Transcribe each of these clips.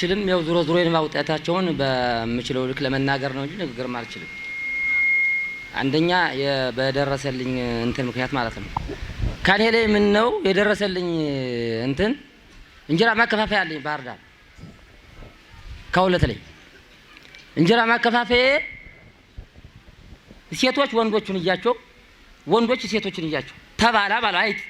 አልችልም። ያው ዙሮ ዙሮ ማውጣታቸውን በምችለው ልክ ለመናገር ነው እንጂ ንግግርም አልችልም። አንደኛ በደረሰልኝ እንትን ምክንያት ማለት ነው። ከኔ ላይ ምን ነው የደረሰልኝ እንትን እንጀራ ማከፋፈያ አለኝ ባህር ዳር ከሁለት ላይ እንጀራ ማከፋፈያ ሴቶች ወንዶቹን እያቸው ወንዶች ሴቶችን እያቸው ተባላ ባላ አይት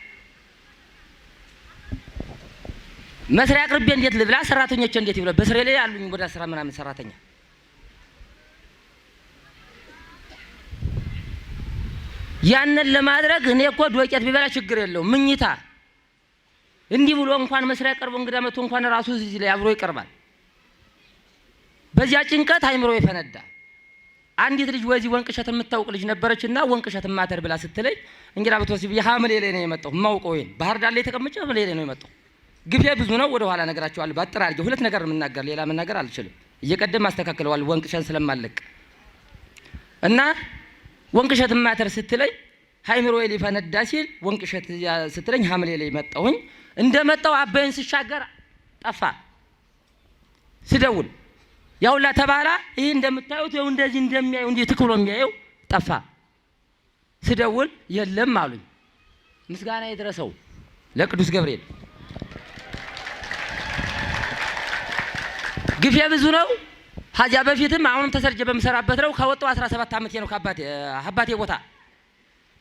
መስሪያ አቅርቤ እንዴት ልብላ፣ ሰራተኞች እንዴት ይብላ። በስሬ ላይ አሉኝ ወደ አስራ ምናምን ሰራተኛ ያንን ለማድረግ እኔ እኮ ዶቄት ቢበላ ችግር የለው ምኝታ እንዲህ ብሎ እንኳን መስሪያ ቀርቦ እንግዳ መቶ እንኳን ራሱ እዚህ ላይ አብሮ ይቀርባል። በዚያ ጭንቀት አይምሮ የፈነዳ አንዲት ልጅ ወዚህ ወንቅሸት የምታውቅ ልጅ ነበረችና ወንቅሸት ማተር ብላ ስትለኝ እንግዳ ብትወስድ ብዬ ሐምሌ ላይ ነው የመጣው። የማውቀው ይሄን ባህር ዳር ላይ ተቀምጬ ሐምሌ ላይ ነው የመጣው ግፌ ብዙ ነው። ወደ ኋላ ነገራቸዋለሁ። ባጠር አድርጌ ሁለት ነገር የምናገር ሌላ ነገር አልችልም። እየቀደም አስተካክለዋል ወንቅሸን ስለማለቅ እና ወንቅሸት ማተር ስትለኝ ሀይምሮ ሊፈነዳ ሲል ወንቅሸት ስትለኝ ሐምሌ ላይ መጣሁኝ። እንደመጣው አባይን ስሻገር ጠፋ። ስደውል ያውላ ተባላ ይህ እንደምታዩት ይኸው እንደዚህ እንደሚያየው እንዲህ ትክሎ የሚያየው ጠፋ። ስደውል የለም አሉኝ። ምስጋና ይድረሰው ለቅዱስ ገብርኤል ግፌ ብዙ ነው። ሀዚያ በፊትም አሁንም ተሰርጀ በምሰራበት ነው። ከወጣው 17 ዓመቴ ነው። ከአባቴ አባቴ ቦታ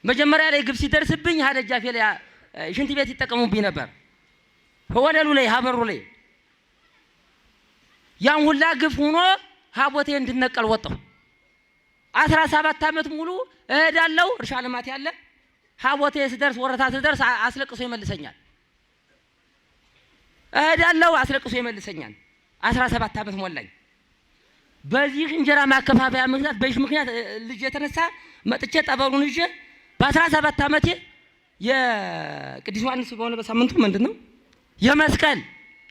መጀመሪያ ላይ ግብ ሲደርስብኝ ሀደጃፌ ላይ ሽንት ቤት ይጠቀሙብኝ ነበር። ወለሉ ላይ ሀበሩ ላይ ያን ሁላ ግፍ ሆኖ ሀቦቴ እንድነቀል ወጣሁ። 17 ዓመት ሙሉ እሄዳለሁ። እርሻ ልማት ያለ ሀቦቴ ስደርስ ወረታ ስደርስ አስለቅሶ ይመልሰኛል። እሄዳለሁ። አስለቅሶ ይመልሰኛል። አስራ ሰባት ዓመት ሞላኝ። በዚህ እንጀራ ማከፋፈያ ምክንያት በይሽ ምክንያት ልጅ የተነሳ መጥቼ ጠበሉን ይዤ በአስራ ሰባት ዓመቴ የቅዱስ ዮሐንስ በሆነ በሳምንቱ ምንድን ነው የመስቀል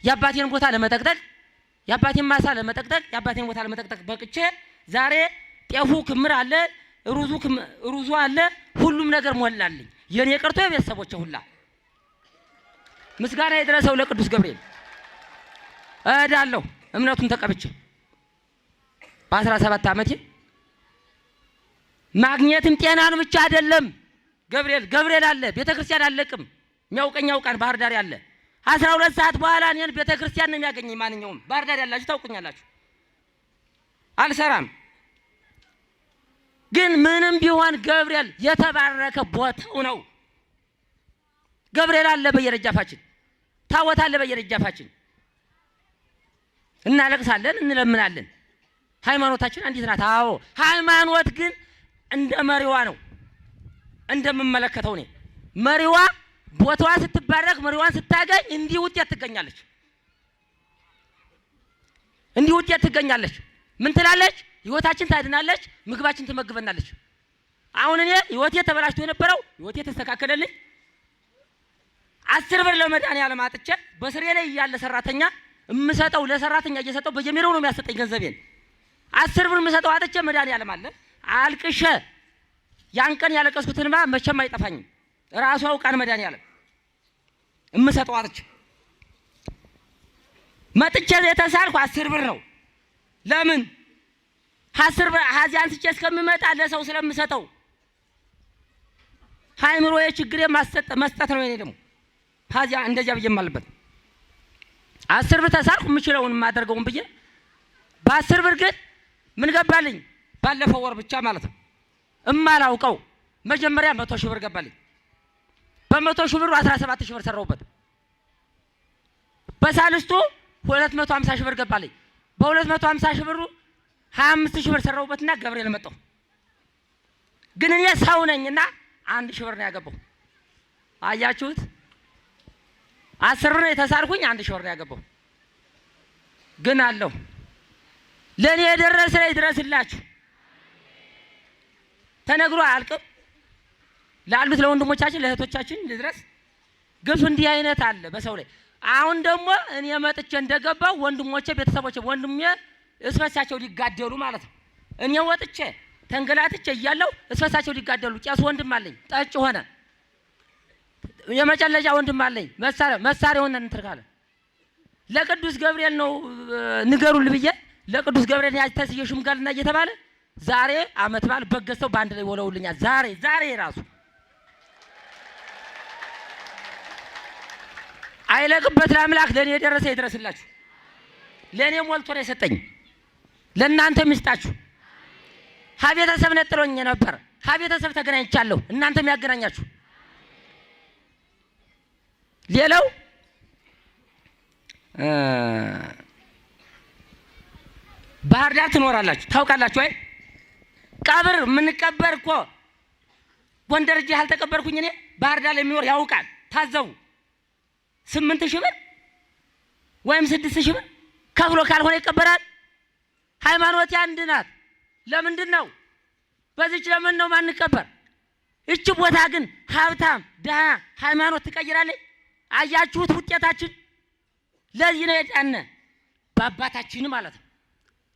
የአባቴን ቦታ ለመጠቅጠቅ የአባቴን ማሳ ለመጠቅጠቅ የአባቴን ቦታ ለመጠቅጠቅ በቅቼ ዛሬ ጤፉ ክምር አለ፣ ሩዙ ሩዙ አለ፣ ሁሉም ነገር ሞላልኝ። የኔ ቀርቶ የቤተሰቦቼ ሁላ ምስጋና የደረሰው ለቅዱስ ገብርኤል እዳለሁ እምነቱን ተቀብቼ በአስራ ሰባት ዓመቴ ማግኘትም ጤናን ብቻ አይደለም። ገብርኤል ገብርኤል አለ ቤተ ክርስቲያን አለቅም የሚያውቀኝ ያውቃል። ባህር ዳር ያለ አስራ ሁለት ሰዓት በኋላ እኔን ቤተ ክርስቲያን ነው የሚያገኘኝ። ማንኛውም ባህር ዳር ያላችሁ ታውቁኛላችሁ። አልሰራም ግን ምንም ቢሆን ገብርኤል የተባረከ ቦታው ነው። ገብርኤል አለ በየደጃፋችን፣ ታቦት አለ በየደጃፋችን። እናለቅሳለን፣ እንለምናለን። ሃይማኖታችን አንዲት ናት። አዎ ሃይማኖት ግን እንደ መሪዋ ነው። እንደምመለከተው እኔ መሪዋ ቦታዋን ስትባረክ፣ መሪዋን ስታገኝ እንዲህ ውጤት ትገኛለች፣ እንዲህ ውጤት ትገኛለች። ምን ትላለች? ህይወታችን ታድናለች፣ ምግባችን ትመግበናለች። አሁን እኔ ህይወቴ ተበላሽቶ የነበረው ህይወቴ ተስተካከለልኝ። አስር ብር ለመድኃኒዓለም አጥቼ በስሬ ላይ እያለ ሰራተኛ የምሰጠው ለሰራተኛ እየሰጠው በጀሚሮ ነው የሚያሰጠኝ ገንዘቤን። አስር ብር የምሰጠው አጥቼ መድኃኒዓለም አለ አልቅሸ ያን ቀን ያለቀስኩትን ባ መቼም አይጠፋኝም። ራሱ መዳን መድኃኒዓለም የምሰጠው አጥቼ መጥቼ የተሳልኩ አስር ብር ነው። ለምን አስር ብር ሀዚያ አንስቼ እስከምመጣ ለሰው ስለምሰጠው ሀይምሮ የችግር መስጠት ነው። የኔ ደግሞ ሀዚያ እንደዚያ ብዬ ማልበት አስር ብር ተሳልኩ የምችለውን የማደርገውን ብዬ በአስር ብር ግን ምን ገባልኝ? ባለፈው ወር ብቻ ማለት ነው እማላውቀው መጀመሪያ መቶ ሺህ ብር ገባልኝ። በመቶ ሺህ ብሩ አስራ ሰባት ሺህ ብር ሰራሁበት። በሳልስቱ ሁለት መቶ ሀምሳ ሺህ ብር ገባልኝ። በሁለት መቶ ሀምሳ ሺህ ብሩ ሀያ አምስት ሺህ ብር ሰራሁበትና ገብርኤል መጣሁ። ግን እኔ ሰው ነኝና አንድ ሺህ ብር ነው ያገባው። አያችሁት? አስር ነው የተሳልኩኝ፣ አንድ ሾር ነው ያገባው። ግን አለው ለእኔ የደረሰ ይድረስላችሁ። ተነግሮ አያልቅም። ላሉት ለወንድሞቻችን ለእህቶቻችን ልድረስ። ግፍ እንዲህ አይነት አለ በሰው ላይ። አሁን ደግሞ እኔ መጥቼ እንደገባው ወንድሞቼ፣ ቤተሰቦቼ፣ ወንድሜ እስፈሳቸው ሊጋደሉ ማለት ነው። እኔ ወጥቼ ተንገላትቼ እያለው እስፈሳቸው ሊጋደሉ ቄስ ወንድም አለኝ ጠጭ ሆነ የመጨለጫ ወንድም አለኝ መሳሪያ መሳሪያውን እንትርካለ ለቅዱስ ገብርኤል ነው ንገሩ ብዬ ለቅዱስ ገብርኤል ያጅ ተስዬ እየተባለ ዛሬ አመት በዓል በገሰው በአንድ ላይ ወለውልኛል። ዛሬ ዛሬ ራሱ አይለቅበት ለአምላክ ለእኔ የደረሰ ይድረስላችሁ። ለእኔ ሞልቶ ነው የሰጠኝ፣ ለእናንተም ይስጣችሁ። ሀቤተሰብ ነጥሎኝ ነበር። ሀቤተሰብ ተገናኝቻለሁ፣ እናንተም ያገናኛችሁ። ሌላው ባህር ዳር ትኖራላችሁ ታውቃላችሁ። አይ ቀብር የምንቀበር እኮ ጎንደር እጅ አልተቀበርኩኝ እኔ ባህር ዳር የሚኖር ያውቃል። ታዘቡ። ስምንት ሺህ ብር ወይም ስድስት ሺህ ብር ከፍሎ ካልሆነ ይቀበራል። ሃይማኖት አንድ ናት። ለምንድን ነው በዚች ለምን ነው ማንቀበር? እች ቦታ ግን ሀብታም ድሃ ሃይማኖት ትቀይራለች። አያችሁት ውጤታችን። ለዚህ ነው የጫነ በአባታችን ማለት ነው።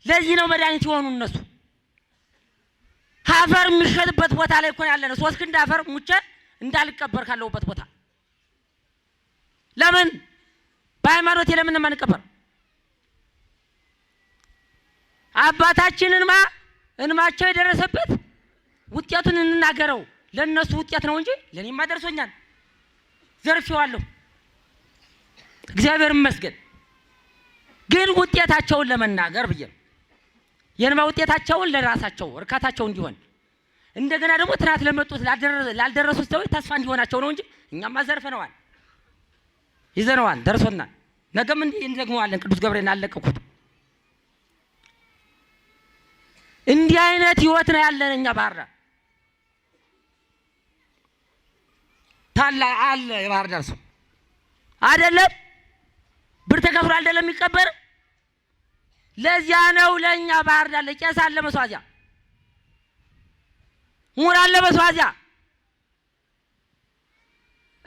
ለዚህ ነው መድኃኒት የሆኑ እነሱ። አፈር የሚሸጥበት ቦታ ላይ እኮ ያለ ነው። ሶስት ክንድ አፈር ሙቼ እንዳልቀበር ካለሁበት ቦታ ለምን በሃይማኖቴ ለምን የማንቀበር? አባታችን እንማ እንማቸው የደረሰበት ውጤቱን እንናገረው። ለእነሱ ውጤት ነው እንጂ ለእኔማ ደርሶኛል። ዘርፌዋለሁ። እግዚአብሔር ይመስገን። ግን ውጤታቸውን ለመናገር ብዬ ነው የእንባ ውጤታቸውን ለራሳቸው እርካታቸው እንዲሆን እንደገና ደግሞ ትናንት ለመጡት ላልደረሱት ሰዎች ተስፋ እንዲሆናቸው ነው እንጂ እኛማ ዘርፈነዋል፣ ይዘነዋል፣ ደርሶናል። ነገም እንዲህ እንደግመዋለን። ቅዱስ ገብርኤል አለቀኩት። እንዲህ አይነት ህይወት ነው ያለን እኛ ባህር ዳር ታላ አለ የባህር ዳር ሰው አይደለም። ብር ተከፍሎ አይደለም የሚቀበር። ለዚያ ነው ለእኛ ባህር ዳር ቄስ አለ መስዋዕዚያ ሙር አለ መስዋዕዚያ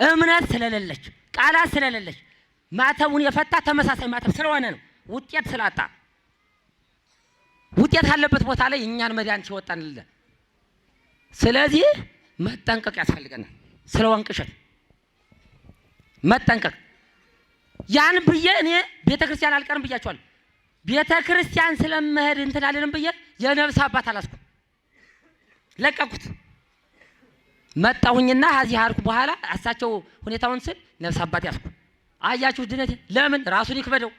እምነት ስለሌለች ቃላት ስለሌለች ማተቡን የፈታ ተመሳሳይ ማተብ ስለሆነ ነው። ውጤት ስላጣ ውጤት ካለበት ቦታ ላይ እኛን መድኃኒት ይወጣንልን። ስለዚህ መጠንቀቅ ያስፈልገናል። ስለ ወንቅ እሸት መጠንቀቅ ያን ብዬ እኔ ቤተ ክርስቲያን አልቀርም ብያቸዋል። ቤተ ክርስቲያን ስለመሄድ እንትን ብዬ የነብስ አባት አላስኩ ለቀኩት። መጣሁኝና ከዚህ አልኩ በኋላ እሳቸው ሁኔታውን ስል ነብስ አባት ያስኩ። አያችሁ ድነቴ ለምን ራሱን ይክበደው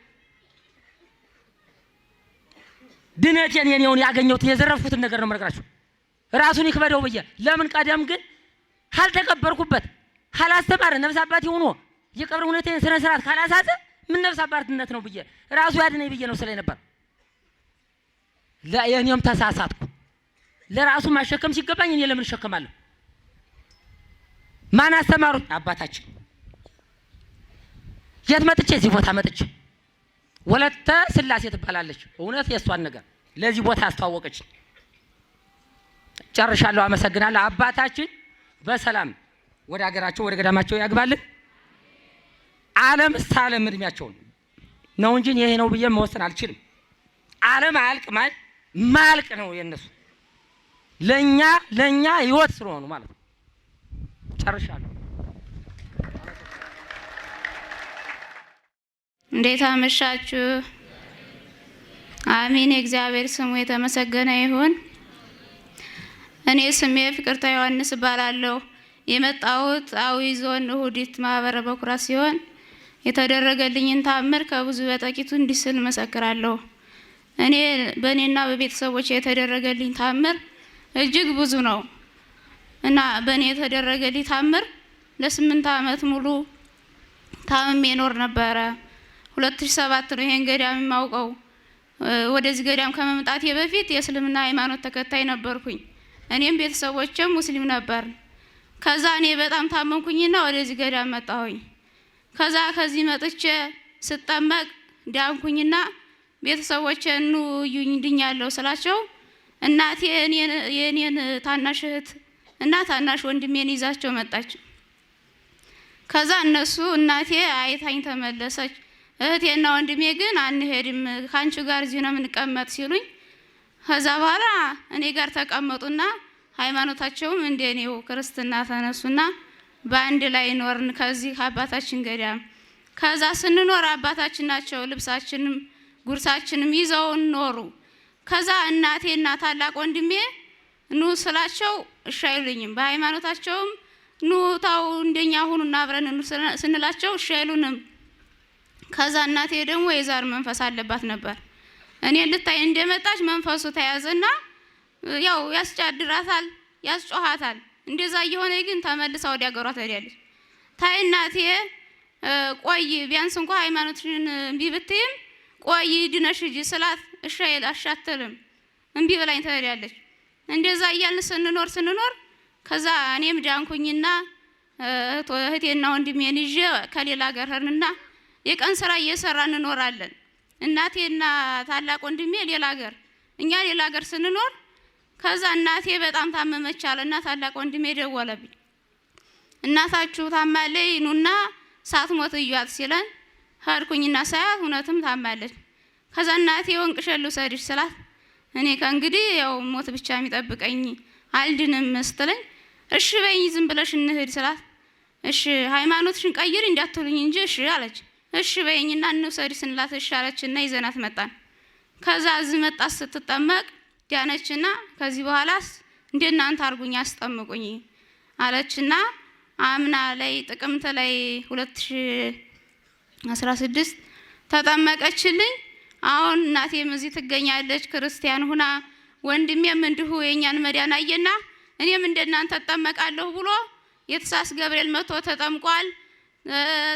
ድነቴን የኔውን ያገኘሁትን የዘረፍኩትን ነገር ነው የምነግራችሁ። ራሱን ይክበደው ብዬ ለምን ቀደም ግን ካልተቀበርኩበት ካላስተማረ ነብስ አባት ይሁኖ የቀብር ሁኔታ ስነ ስርዓት ካላሳዘ ምን ነፍስ አባትነት ነው ብዬ ራሱ ያድነኝ ብዬ ነው ስለኝ ነበር። ለእኔም ተሳሳትኩ። ለራሱ ማሸከም ሲገባኝ እኔ ለምን እሸከማለሁ? ማን አስተማሩት? አባታችን። የት መጥቼ? እዚህ ቦታ መጥቼ ወለተ ስላሴ ትባላለች። እውነት የእሷን ነገር ለዚህ ቦታ አስተዋወቀች። ጨርሻለሁ። አመሰግናለሁ። አባታችን በሰላም ወደ ሀገራቸው ወደ ገዳማቸው ያግባልን። አለም እስታለም እድሜያቸውን ነው እንጂ ይሄ ነው ብዬ መወሰን አልችልም። አለም አያልቅ ማለት ማያልቅ ነው የነሱ ለእኛ ለእኛ ህይወት ስለሆኑ ማለት ነው። ጨርሻለሁ። እንዴት አመሻችሁ? አሚን። የእግዚአብሔር ስሙ የተመሰገነ ይሁን። እኔ ስሜ ፍቅርተ ዮሐንስ እባላለሁ። የመጣሁት አዊ ዞን እሁዲት ማህበረ በኩራት ሲሆን የተደረገልኝን ታምር ከብዙ በጥቂቱ እንዲህ ስል መሰክራለሁ። እኔ በእኔና በቤተሰቦች የተደረገልኝ ታምር እጅግ ብዙ ነው እና በእኔ የተደረገልኝ ታምር ለስምንት ዓመት ሙሉ ታምሜ ኖር ነበረ። ሁለት ሺ ሰባት ነው ይሄን ገዳም የማውቀው። ወደዚህ ገዳም ከመምጣቴ በፊት የእስልምና ሃይማኖት ተከታይ ነበርኩኝ። እኔም ቤተሰቦችም ሙስሊም ነበር። ከዛ እኔ በጣም ታመምኩኝና ወደዚህ ገዳም መጣሁኝ። ከዛ ከዚህ መጥቼ ስጠመቅ ዳንኩኝና ቤተሰቦች ኑ እዩኝ ድኛለሁ ስላቸው እናቴ የእኔን ታናሽ እህት እና ታናሽ ወንድሜን ይዛቸው መጣች። ከዛ እነሱ እናቴ አይታኝ ተመለሰች። እህቴና ወንድሜ ግን አንሄድም፣ ከአንቺ ጋር እዚሁ ነው የምንቀመጥ ሲሉኝ ከዛ በኋላ እኔ ጋር ተቀመጡና ሃይማኖታቸውም እንደኔው ክርስትና ተነሱና በአንድ ላይ ኖርን ከዚህ አባታችን ገዳም። ከዛ ስንኖር አባታችን ናቸው ልብሳችንም ጉርሳችንም ይዘውን ኖሩ። ከዛ እናቴና ታላቅ ወንድሜ ኑ ስላቸው እሺ አይሉኝም። በሃይማኖታቸውም ኑ ታው እንደኛ ሁኑና አብረን ኑ ስንላቸው እሺ አይሉንም። ከዛ እናቴ ደግሞ የዛር መንፈስ አለባት ነበር። እኔ ልታይ እንደመጣች መንፈሱ ተያዘና ያው ያስጫድራታል፣ ያስጮሃታል እንደዛ እየሆነ ግን ተመልሳ ወደ ሀገሯ ትሄዳለች። ታይ እናቴ ቆይ ቢያንስ እንኳ ሃይማኖትሽን እምቢ ብትይም ቆይ ድነሽ ሂጂ ስላት እሺ አሻትልም እምቢ ብላኝ ትሄዳለች። እንደዛ እያልን ስንኖር ስንኖር ከዛ እኔም ዳንኩኝና እህቴና ወንድሜን ይዤ ከሌላ ሀገር ሄድንና የቀን ስራ እየሰራ እንኖራለን። እናቴና ታላቅ ወንድሜ ሌላ ሀገር፣ እኛ ሌላ ሀገር ስንኖር ከዛ እናቴ በጣም ታመመች አለ እና ታላቅ ወንድሜ ደወለብኝ። እናታችሁ ታማለች ኑና ሳት ሞት እያት ሲለን ሄድኩኝና ሳያት እውነትም ታማለች። ከዛ እናቴ ወንቅሸት ልውሰድሽ ስላት እኔ ከእንግዲህ ያው ሞት ብቻ የሚጠብቀኝ አልድንም ስትለኝ እሺ በይኝ ዝም ብለሽ እንሂድ ስላት እሺ ሃይማኖትሽን ቀይሪ እንዳትሉኝ እንጂ እሺ አለች። እሺ በይኝና እንውሰድ ስንላት እሺ እና ይዘናት መጣን። ከዛ እዚህ መጣት ስትጠመቅ ዳነችና ከዚህ በኋላስ እንደ እናንተ አድርጉኝ አስጠምቁኝ አለችና አምና ላይ ጥቅምት ላይ 2016 ተጠመቀችልኝ። አሁን እናቴም እዚህ ትገኛለች ክርስቲያን ሁና ወንድሜም እንዲሁ የእኛን መዳን አየና እኔም እናንተ ተጠመቃለሁ ብሎ የተሳስ ገብርኤል መጥቶ ተጠምቋል።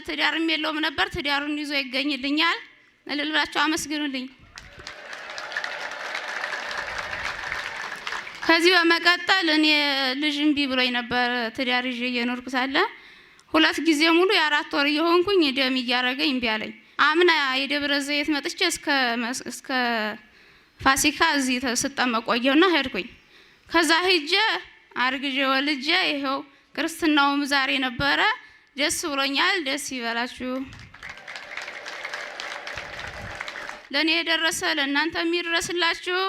ትዳርም የለውም ነበር። ትዳሩን ይዞ ይገኝልኛል። እልል ብላችሁ አመስግኑልኝ። ከዚህ በመቀጠል እኔ ልጅ እምቢ ብሎኝ ነበር። ትዳር ይዤ እየኖርኩ ሳለ ሁለት ጊዜ ሙሉ የአራት ወር እየሆንኩኝ ደም እያረገኝ እምቢ አለኝ። አምና የደብረ ዘይት መጥቼ እስከ ፋሲካ እዚህ ስጠመቅ ቆየሁና ሄድኩኝ። ከዛ ሂጄ አርግዤ ወልጄ ይኸው ክርስትናውም ዛሬ ነበረ። ደስ ብሎኛል። ደስ ይበላችሁ። ለእኔ የደረሰ ለእናንተ የሚደረስላችሁ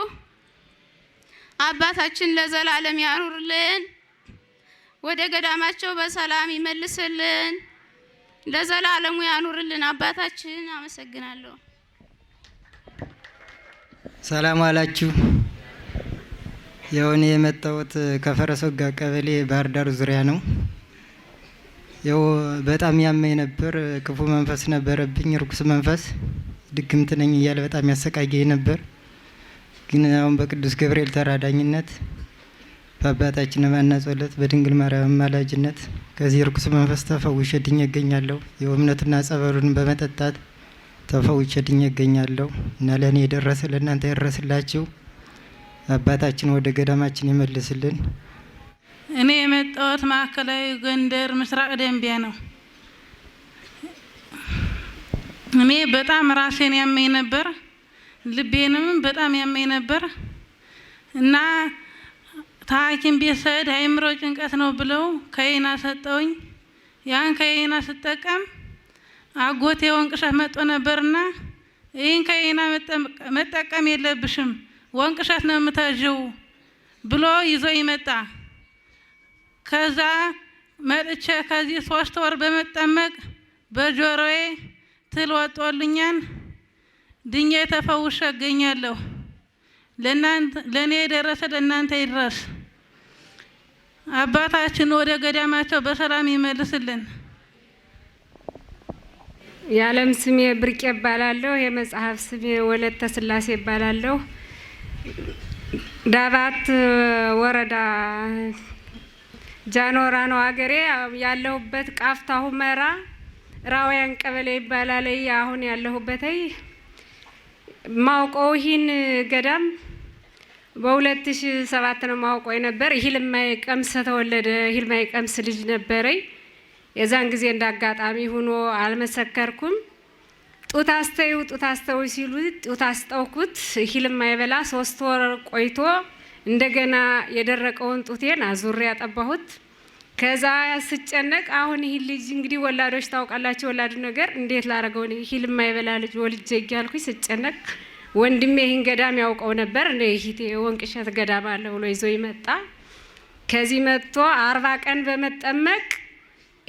አባታችን ለዘላለም ያኑርልን። ወደ ገዳማቸው በሰላም ይመልስልን። ለዘላለሙ ያኑርልን አባታችን። አመሰግናለሁ። ሰላም አላችሁ። የሆነ የመጣሁት ከፈረሶጋ ቀበሌ ባህር ዳር ዙሪያ ነው። ያው በጣም ያመኝ ነበር። ክፉ መንፈስ ነበረብኝ፣ ርኩስ መንፈስ ድግምት ነኝ እያለ በጣም ያሰቃየኝ ነበር። ግን አሁን በቅዱስ ገብርኤል ተራዳኝነት በአባታችን ማና በድንግል ማርያም አማላጅነት ከዚህ ርኩስ መንፈስ ተፈውሼ ድኝ እገኛለሁ። የእምነትና ጸበሉን በመጠጣት ተፈውሼ ድኝ እገኛለሁ እና ለእኔ የደረሰ ለእናንተ የደረስላችሁ አባታችን ወደ ገዳማችን ይመልስልን። እኔ የመጣሁት ማዕከላዊ ጎንደር ምስራቅ ደንቢያ ነው። እኔ በጣም ራሴን ያመኝ ነበር። ልቤንም በጣም ያመኝ ነበር እና ሐኪም ቤት ስሄድ ጭንቀት ነው ብለው ከይና ሰጠውኝ። ያን ከይና ስጠቀም አጎቴ ወንቅሸት መጦ ነበርና ይህን ከይና መጠቀም የለብሽም ወንቅሸት ነው የምታዥው ብሎ ይዞ ይመጣ። ከዛ መጥቼ ከዚህ ሶስት ወር በመጠመቅ በጆሮዬ ትል ወጦልኛል። ድኛ ተፈውሼ እገኛለሁ። ለእኔ የደረሰ ለእናንተ ይድረስ። አባታችን ወደ ገዳማቸው በሰላም ይመልስልን። የዓለም ስሜ ብርቄ እባላለሁ። የመጽሐፍ ስሜ ወለተ ስላሴ እባላለሁ። ዳባት ወረዳ ጃኖራ ነው አገሬ። ያለሁበት ቃፍታ ሁመራ ራውያን ቀበሌ ይባላል። አሁን ያለሁበት ማውቀው ይህን ገዳም በሁለት ሺ ሰባት ነው ማውቀው የነበር። ሂልማይ ቀምስ ተወለደ። ሂልማይ ቀምስ ልጅ ነበረኝ። የዛን ጊዜ እንዳጋጣሚ ሆኖ አልመሰከርኩም። ጡት አስተዩ ጡት አስተው ሲሉ ጡት አስጠውኩት። በላ ሶስት ወር ቆይቶ እንደገና የደረቀውን ጡቴን አዙሬ ያጠባሁት። ከዛ ስጨነቅ አሁን ይህ ልጅ እንግዲህ ወላዶች ታውቃላቸው፣ ወላድ ነገር እንዴት ላደርገው ይህ ልማይበላ ልጅ ወልጄ እያልኩኝ ስጨነቅ፣ ወንድሜ ይህን ገዳም ያውቀው ነበር እ ይህቴ ገዳም አለ ብሎ ይዞ ይመጣ። ከዚህ መጥቶ አርባ ቀን በመጠመቅ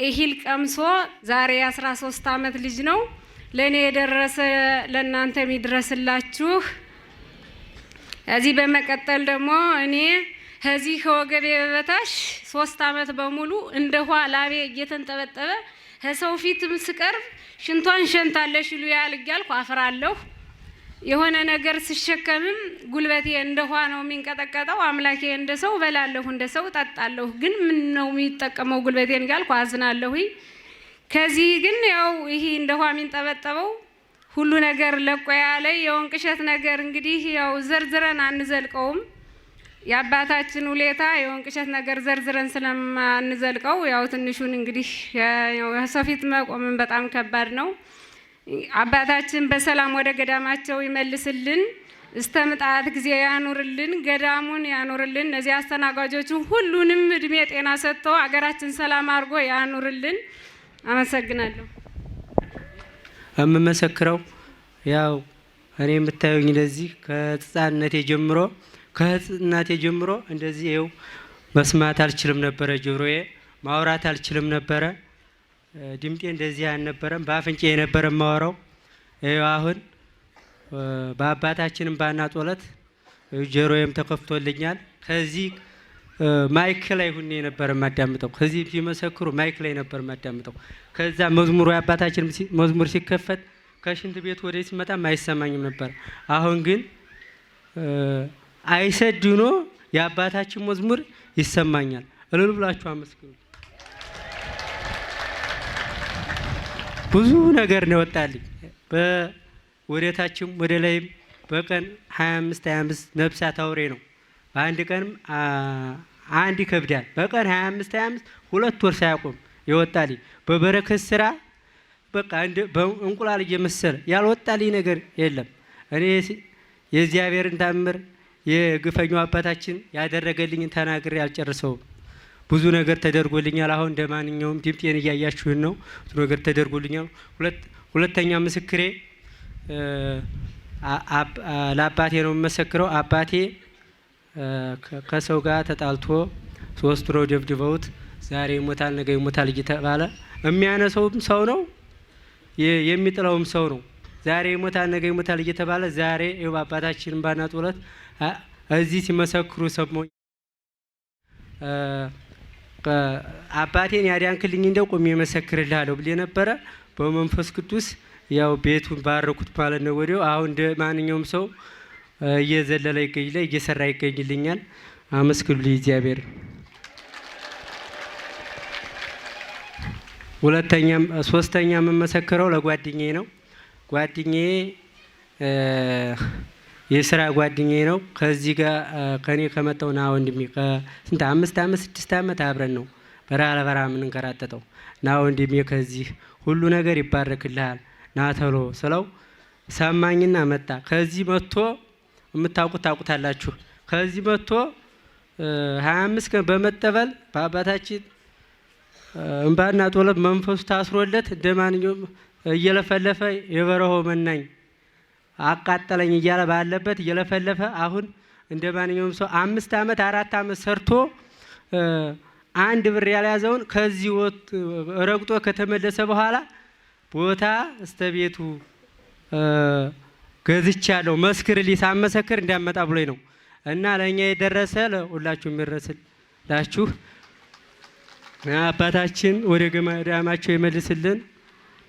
እህል ቀምሶ ዛሬ የአስራ ሶስት አመት ልጅ ነው። ለእኔ የደረሰ ለእናንተ የሚድረስላችሁ። እዚህ በመቀጠል ደግሞ እኔ ከዚህ ከወገቤ በበታች ሶስት አመት በሙሉ እንደ ውሃ ላቤ እየተንጠበጠበ ከሰው ፊትም ስቀርብ ሽንቷን ሸንታለሽ ይሉኛል እያልኩ አፍራለሁ። የሆነ ነገር ስሸከምም ጉልበቴ እንደ ውሃ ነው የሚንቀጠቀጠው። አምላኬ እንደ ሰው በላለሁ፣ እንደ ሰው ጠጣለሁ። ግን ምን ነው የሚጠቀመው ጉልበቴን እያልኩ አዝናለሁ። ከዚህ ግን ያው ይሄ እንደ ውሃ የሚንጠበጠበው ሁሉ ነገር ለቆ ያለ የወንቅ እሸት ነገር እንግዲህ ያው ዘርዝረን አንዘልቀውም። የአባታችን ውሌታ የወንቅሸት ነገር ዘርዝረን ስለማንዘልቀው ያው ትንሹን እንግዲህ ሰው ፊት መቆምን በጣም ከባድ ነው። አባታችን በሰላም ወደ ገዳማቸው ይመልስልን፣ እስተ ምጣት ጊዜ ያኑርልን፣ ገዳሙን ያኑርልን። እነዚህ አስተናጋጆችን ሁሉንም እድሜ ጤና ሰጥቶ አገራችን ሰላም አድርጎ ያኑርልን። አመሰግናለሁ። የምመሰክረው ያው እኔ የምታዩኝ ለዚህ ከሕፃንነቴ ጀምሮ ከህጽናቴ ጀምሮ እንደዚህ ይኸው መስማት አልችልም ነበረ፣ ጆሮዬ ማውራት አልችልም ነበረ፣ ድምጤ እንደዚህ አልነበረም፣ በአፍንጫ የነበረ ማወራው። ይኸው አሁን በአባታችንም ባና ጦለት ጆሮዬም ተከፍቶልኛል። ከዚህ ማይክ ላይ ሁኔ የነበረ ማዳምጠው ከዚህ ሲመሰክሩ ማይክ ላይ ነበር ማዳምጠው። ከዛ መዝሙሩ የአባታችን መዝሙር ሲከፈት ከሽንት ቤት ወደ ሲመጣም አይሰማኝም ነበር። አሁን ግን አይሰድ ሆኖ የአባታችን መዝሙር ይሰማኛል። እልል ብላችሁ አመስግኑ። ብዙ ነገር ነው ወጣልኝ። በወደታችም ወደ ላይም በቀን 25 25 ነፍሳት አውሬ ነው። በአንድ ቀንም አንድ ይከብዳል። በቀን 25 25 ሁለት ወር ሳያቆም ይወጣልኝ። በበረከት ስራ በቃ እንቁላል እየመሰለ ያልወጣልኝ ነገር የለም። እኔ የእግዚአብሔርን ታምር የግፈኛው አባታችን ያደረገልኝን ተናግሬ አልጨርሰውም። ብዙ ነገር ተደርጎልኛል። አሁን እንደ ማንኛውም ድምጤን እያያችሁን ነው። ብዙ ነገር ተደርጎልኛል። ሁለተኛ ምስክሬ ለአባቴ ነው የምመሰክረው። አባቴ ከሰው ጋር ተጣልቶ ሶስት ነው ደብድበውት፣ ዛሬ ይሞታል ነገ ይሞታል እየተባለ የሚያነሰውም ሰው ነው የሚጥለውም ሰው ነው። ዛሬ ይሞታል ነገ ይሞታል እየተባለ ዛሬ ይኸው አባታችን ባናት ሁለት እዚህ ሲመሰክሩ ሰሞኝ አባቴን ያዳንክልኝ እንደው ቆሜ መሰክርልሃለሁ ብሌ ነበረ። በመንፈስ ቅዱስ ያው ቤቱን ባረኩት ማለት ነው። ወዲያው አሁን እንደ ማንኛውም ሰው እየዘለለ ይገኝ ላይ እየሰራ ይገኝልኛል። አመስግኑልኝ እግዚአብሔር። ሁለተኛም ሶስተኛ የምመሰክረው ለጓደኛዬ ነው። ጓደኜ የስራ ጓደኜ ነው። ከዚህ ጋር ከኔ ከመጣው ና ወንድሜ ከስንት አምስት አመት ስድስት አመት አብረን ነው በረሃ ለበረሃ የምንንከራተተው። ና ወንድሜ ከዚህ ሁሉ ነገር ይባረክልሃል ና ተሎ ስለው ሰማኝና መጣ። ከዚህ መጥቶ የምታውቁት ታውቁታላችሁ። ከዚህ መጥቶ ሀያ አምስት ቀን በመጠበል በአባታችን እንባና ጦለት መንፈሱ ታስሮለት እንደ ማንኛውም እየለፈለፈ የበረሆ መናኝ አቃጠለኝ እያለ ባለበት እየለፈለፈ አሁን እንደ ማንኛውም ሰው አምስት ዓመት አራት ዓመት ሰርቶ አንድ ብር ያልያዘውን ከዚህ ረግጦ ከተመለሰ በኋላ ቦታ እስተ ቤቱ ገዝቻለሁ መስክርልኝ፣ ሳመሰክር እንዲያመጣ ብሎኝ ነው። እና ለእኛ የደረሰ ለሁላችሁ የሚደርስላችሁ አባታችን ወደ ገዳማቸው ይመልስልን።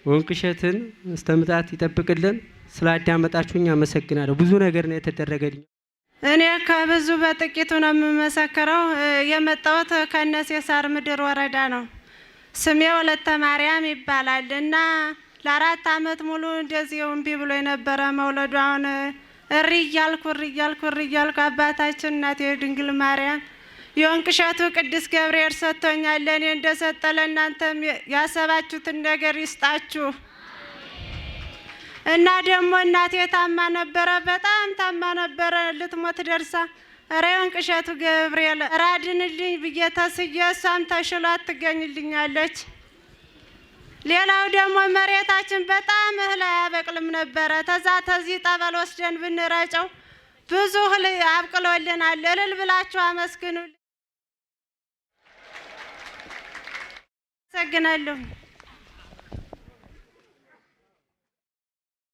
ወንቅሸትን እስተምጣት ይጠብቅልን። ስላዳመጣችሁኝ አመሰግናለሁ። ብዙ ነገር ነው የተደረገልኝ። እኔ ከብዙ በጥቂቱ ነው የምመሰክረው። የመጣሁት ከእነሴ ሳር ምድር ወረዳ ነው። ስሜ ወለተ ማርያም ይባላል እና ለአራት አመት ሙሉ እንደዚህ እምቢ ብሎ የነበረ መውለዱ አሁን እሪ እያልኩ እሪ እያልኩ እሪ እያልኩ አባታችን እናቴ ድንግል ማርያም የወንቅ እሸቱ ቅዱስ ገብርኤል ሰጥቶኛል። ለእኔ እንደሰጠ ለእናንተም ያሰባችሁትን ነገር ይስጣችሁ እና ደግሞ እናቴ ታማ ነበረ፣ በጣም ታማ ነበረ፣ ልትሞት ደርሳ ኧረ የወንቅ እሸቱ ገብርኤል ራድንልኝ ብዬ ተስዬ እሷም ተሽሏት ትገኝልኛለች። ሌላው ደግሞ መሬታችን በጣም እህል አያበቅልም ነበረ። ተዛ ተዚህ ጠበል ወስደን ብንረጨው ብዙ እህል አብቅሎልናል። እልል ብላችሁ አመስግኑል አመሰግናለሁ።